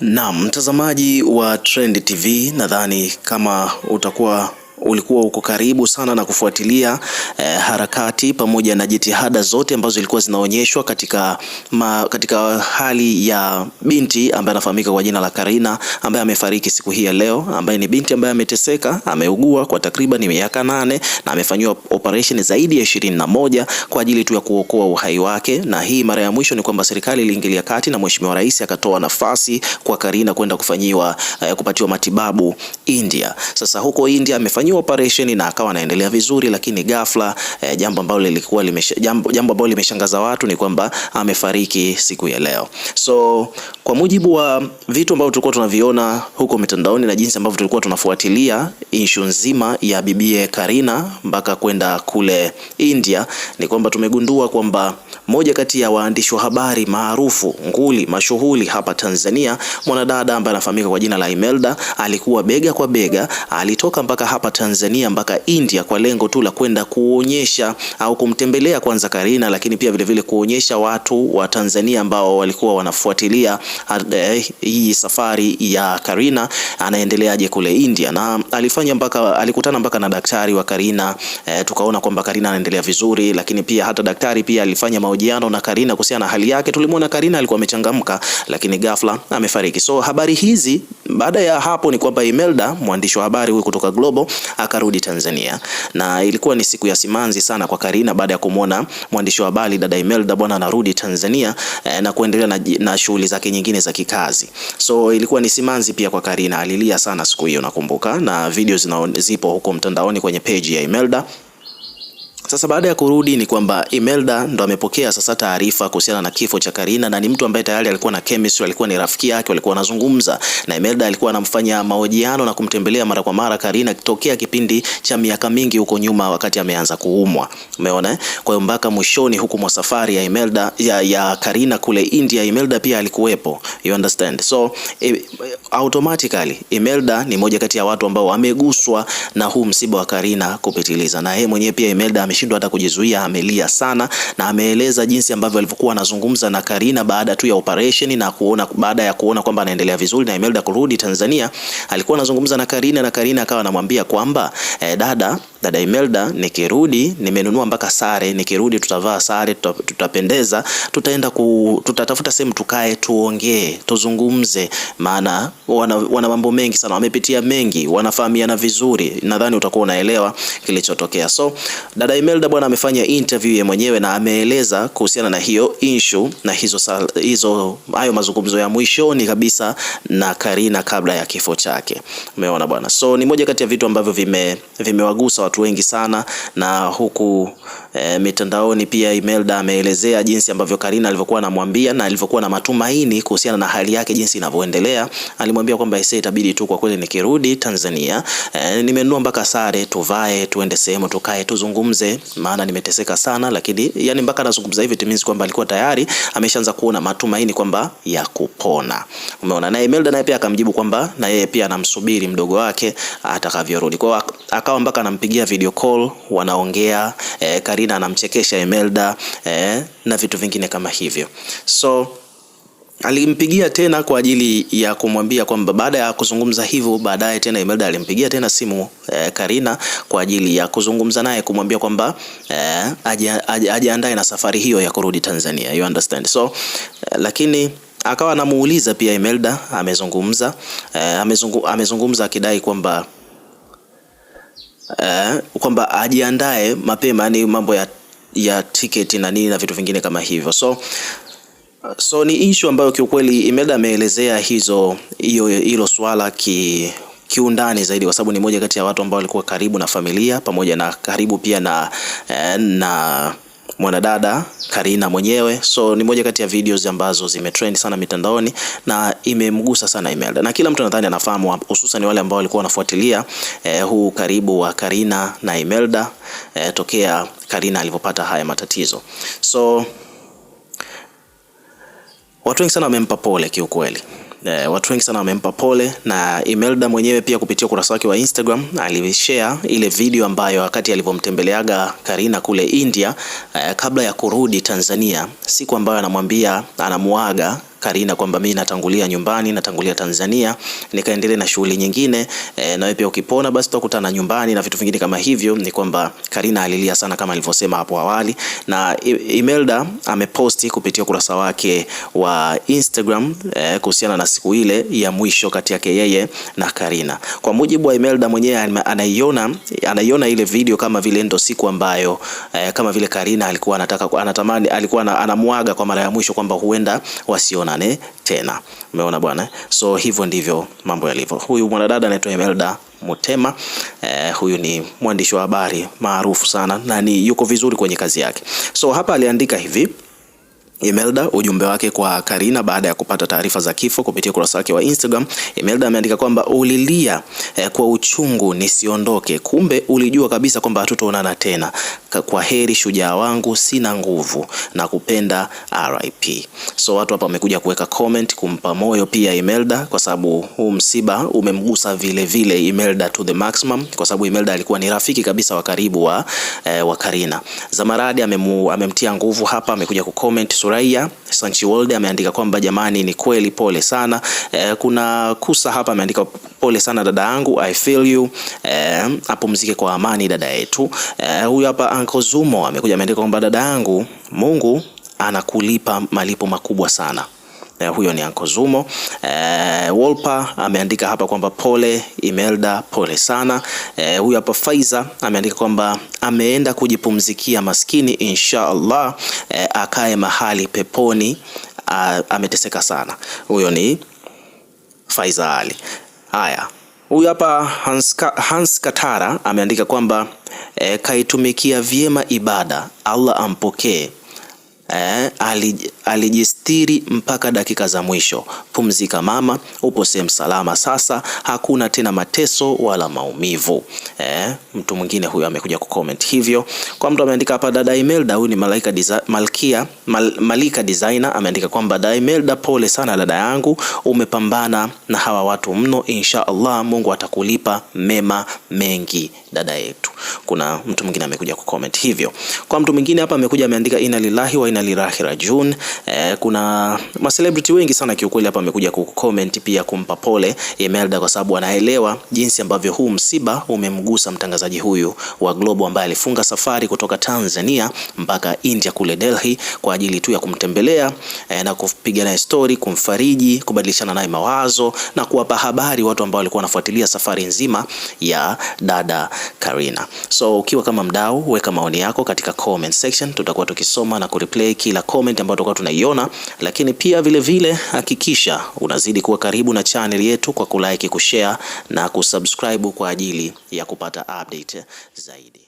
Naam, mtazamaji wa Trend TV, nadhani kama utakuwa ulikuwa uko karibu sana na kufuatilia eh, harakati pamoja na jitihada zote ambazo zilikuwa zinaonyeshwa katika, ma, katika hali ya binti ambaye anafahamika kwa jina la Karina ambaye amefariki siku hii ya leo, ambaye ni binti ambaye ameteseka, ameugua kwa takriban miaka nane na amefanyiwa operation zaidi ya ishirini na moja kwa ajili tu ya kuokoa uhai wake. Na hii mara ya mwisho ni kwamba serikali iliingilia kati na Mheshimiwa Rais akatoa nafasi kwa Karina kwenda kufanyiwa eh, kupatiwa matibabu India. Sasa huko India amefanya alifanyiwa operation na akawa anaendelea vizuri, lakini ghafla eh, jambo ambalo lilikuwa limesha, jambo ambalo limeshangaza watu ni kwamba amefariki siku ya leo so kwa mujibu wa vitu ambavyo tulikuwa tunaviona huko mitandaoni na jinsi ambavyo tulikuwa tunafuatilia issue nzima ya bibie Karina mpaka kwenda kule India, ni kwamba tumegundua kwamba moja kati ya waandishi wa habari maarufu nguli mashuhuri hapa Tanzania, mwanadada ambaye anafahamika kwa jina la Imelda, alikuwa bega kwa bega, alitoka mpaka hapa Tanzania mpaka India kwa lengo tu la kwenda kuonyesha au kumtembelea kwanza Karina, lakini pia vilevile kuonyesha watu wa Tanzania ambao walikuwa wanafuatilia hii safari ya Karina anaendeleaje kule India, na alifanya mpaka alikutana mpaka na daktari wa Karina e, tukaona kwamba Karina anaendelea vizuri, lakini pia hata daktari pia alifanya mahojiano na Karina kuhusiana na hali yake. Tulimwona Karina alikuwa amechangamka, lakini ghafla amefariki. So habari hizi baada ya hapo ni kwamba Imelda, mwandishi wa habari huyu kutoka Global, akarudi Tanzania na ilikuwa ni siku ya simanzi sana kwa Karina baada ya kumwona mwandishi wa habari dada Imelda bwana anarudi Tanzania eh, na kuendelea na, na shughuli zake nyingine za kikazi. So ilikuwa ni simanzi pia kwa Karina, alilia sana siku hiyo nakumbuka, na video zina zipo huko mtandaoni kwenye page ya Imelda. Sasa baada ya kurudi ni kwamba Imelda ndo amepokea sasa taarifa kuhusiana na kifo cha Karina, na ni mtu ambaye tayari alikuwa na chemistry, alikuwa ni rafiki yake, walikuwa wanazungumza, na Imelda alikuwa anamfanya mahojiano na kumtembelea mara kwa mara Karina tokea kipindi cha miaka mingi huko nyuma, wakati ameanza kuumwa. Umeona, eh? kwa hiyo mpaka mwishoni huku mwa safari ya Imelda ya, ya Karina kule India, Imelda pia alikuwepo, you understand. So e, automatically Imelda ni moja kati ya watu ambao wameguswa na huu msiba wa Karina kupitiliza, na yeye mwenyewe pia Imelda ameshindwa hata kujizuia, amelia sana na ameeleza jinsi ambavyo alivyokuwa anazungumza na Karina baada tu ya operation na kuona baada ya kuona kwamba anaendelea vizuri na Imelda kurudi Tanzania, alikuwa anazungumza na Karina na Karina akawa anamwambia kwamba eh, dada dada Imelda, nikirudi nimenunua mpaka sare, nikirudi tutavaa sare, tutapendeza, tutaenda ku, tutatafuta sehemu tukae, tuongee, tuzungumze, maana wana, wana mambo mengi sana, wamepitia mengi, wanafahamiana vizuri. Nadhani utakuwa unaelewa kilichotokea. So dada Imelda bwana amefanya interview yeye mwenyewe na ameeleza kuhusiana na hiyo issue na hizo hizo hayo mazungumzo ya mwishoni kabisa na Karina kabla ya kifo chake. Umeona bwana, so ni moja kati ya vitu ambavyo vime vimewagusa watu watu wengi sana, na huku e, mitandaoni pia Imelda ameelezea jinsi ambavyo Karina alivyokuwa anamwambia na alivyokuwa na matumaini kuhusiana na hali yake jinsi inavyoendelea. Alimwambia kwamba ise itabidi tu kwa kweli, nikirudi Tanzania e, nimenunua mpaka sare tuvae, tuende sehemu tukae, tuzungumze, maana nimeteseka sana. Lakini yani mpaka anazungumza hivi timizi kwamba alikuwa tayari ameshaanza kuona matumaini kwamba ya kupona. Umeona, na Imelda naye pia akamjibu kwamba na yeye pia anamsubiri mdogo wake atakavyorudi kwao, akawa mpaka anampigia wanatumia video call wanaongea eh, Karina anamchekesha Imelda eh, na vitu vingine kama hivyo so alimpigia tena kwa ajili ya kumwambia kwamba baada ya kuzungumza hivyo, baadaye tena Imelda alimpigia tena simu eh, Karina kwa ajili ya kuzungumza naye kumwambia kwamba eh, ajiandae na safari hiyo ya kurudi Tanzania, you understand so eh, lakini akawa anamuuliza pia Imelda amezungumza eh, amezungu, amezungumza akidai kwamba eh, kwamba ajiandae mapema, yani mambo ya, ya tiketi na nini na vitu vingine kama hivyo so so ni issue ambayo kiukweli Imelda ameelezea hizo hiyo hilo swala ki kiundani zaidi kwa sababu ni moja kati ya watu ambao walikuwa karibu na familia pamoja na karibu pia na eh, na mwanadada Karina mwenyewe. So ni moja kati ya videos ambazo zimetrend sana mitandaoni na imemgusa sana Imelda, na kila mtu nadhani anafahamu, hususan wale ambao walikuwa wanafuatilia eh, huu karibu wa Karina na Imelda eh, tokea Karina alipopata haya matatizo. So watu wengi sana wamempa pole kiukweli eh, watu wengi sana wamempa pole, na Imelda mwenyewe pia kupitia ukurasa wake wa Instagram alishare ile video ambayo wakati alivyomtembeleaga Karina kule India eh, kabla ya kurudi Tanzania, siku ambayo anamwambia anamuaga Karina kwamba mimi natangulia nyumbani, natangulia Tanzania, nikaendelea na shughuli nyingine e, na wewe pia ukipona basi tutakutana nyumbani na vitu vingine kama hivyo. Ni kwamba Karina alilia sana kama alivyosema hapo awali, na Imelda ameposti kupitia ukurasa wake wa Instagram e, kuhusiana na siku ile ya mwisho kati yake yeye na Karina. Kwa mujibu wa Imelda mwenyewe anaiona anaiona ile video kama vile ndo siku ambayo e, kama vile Karina alikuwa anataka anatamani alikuwa anamwaga kwa mara ya mwisho kwamba huenda wasiona nane tena. Umeona bwana, so hivyo ndivyo mambo yalivyo. Huyu mwanadada anaitwa Imelda Mutema eh, huyu ni mwandishi wa habari maarufu sana na ni yuko vizuri kwenye kazi yake. So hapa aliandika hivi Imelda ujumbe wake kwa Karina baada ya kupata taarifa za kifo kupitia ukurasa wake wa Instagram. Imelda ameandika kwamba ulilia eh, kwa uchungu nisiondoke, kumbe ulijua kabisa kwamba hatutoonana tena. Kwa heri shujaa wangu, sina nguvu na kupenda RIP. So watu hapa wamekuja kuweka comment kumpa moyo pia Imelda, kwa sababu huu msiba umemgusa vile vile Imelda to the maximum, kwa sababu Imelda alikuwa ni rafiki kabisa wa karibu wa eh, wa Karina. Zamaradi amemtia nguvu hapa, amekuja kucomment Suraiya World ameandika kwamba jamani, ni kweli, pole sana e, kuna Kusa hapa ameandika pole sana dada yangu, I feel you e, apumzike kwa amani dada yetu. E, huyu hapa Uncle Zumo amekuja ameandika kwamba dada yangu, Mungu anakulipa malipo makubwa sana eh, huyo ni ankozumo Zumo. Eh, Wolper ameandika hapa kwamba pole Imelda, pole sana. Eh, huyo hapa Faiza ameandika kwamba ameenda kujipumzikia maskini, inshallah eh, akae mahali peponi. Ah, ameteseka sana. Huyo ni Faiza Ali. Haya, huyu hapa Hans, Hans Katara ameandika kwamba e, kaitumikia vyema ibada, Allah ampokee Eh, alijistiri mpaka dakika za mwisho. Pumzika mama, upo sehemu salama sasa, hakuna tena mateso wala maumivu. Eh, mtu mwingine huyo amekuja kucomment hivyo. Kwa mtu ameandika hapa, dada Imelda, huyu ni Malaika Desi, Malkia, Mal, Malika designer ameandika kwamba dada Imelda, pole sana dada yangu, umepambana na hawa watu mno, insha Allah Mungu atakulipa mema mengi dada yetu. Kuna mtu mwingine amekuja kucomment hivyo. Kwa mtu mwingine hapa amekuja ameandika, inna lillahi wa inna ali Rahira June. Eh, kuna ma celebrity wengi sana kiukweli hapa amekuja comment pia kumpa pole Imelda kwa sababu anaelewa jinsi ambavyo huu msiba umemgusa mtangazaji huyu wa Globo ambaye alifunga safari kutoka Tanzania mpaka India kule Delhi kwa ajili tu ya kumtembelea eh, na kupiga naye story, kumfariji, kubadilishana naye mawazo na kuwapa habari watu ambao walikuwa wanafuatilia safari nzima ya dada Karina. So ukiwa kama mdau, weka maoni yako katika comment section, tutakuwa tukisoma na kureply kile kila comment ambayo tutakuwa tunaiona, lakini pia vile vile hakikisha unazidi kuwa karibu na channel yetu kwa kulike, kushare na kusubscribe kwa ajili ya kupata update zaidi.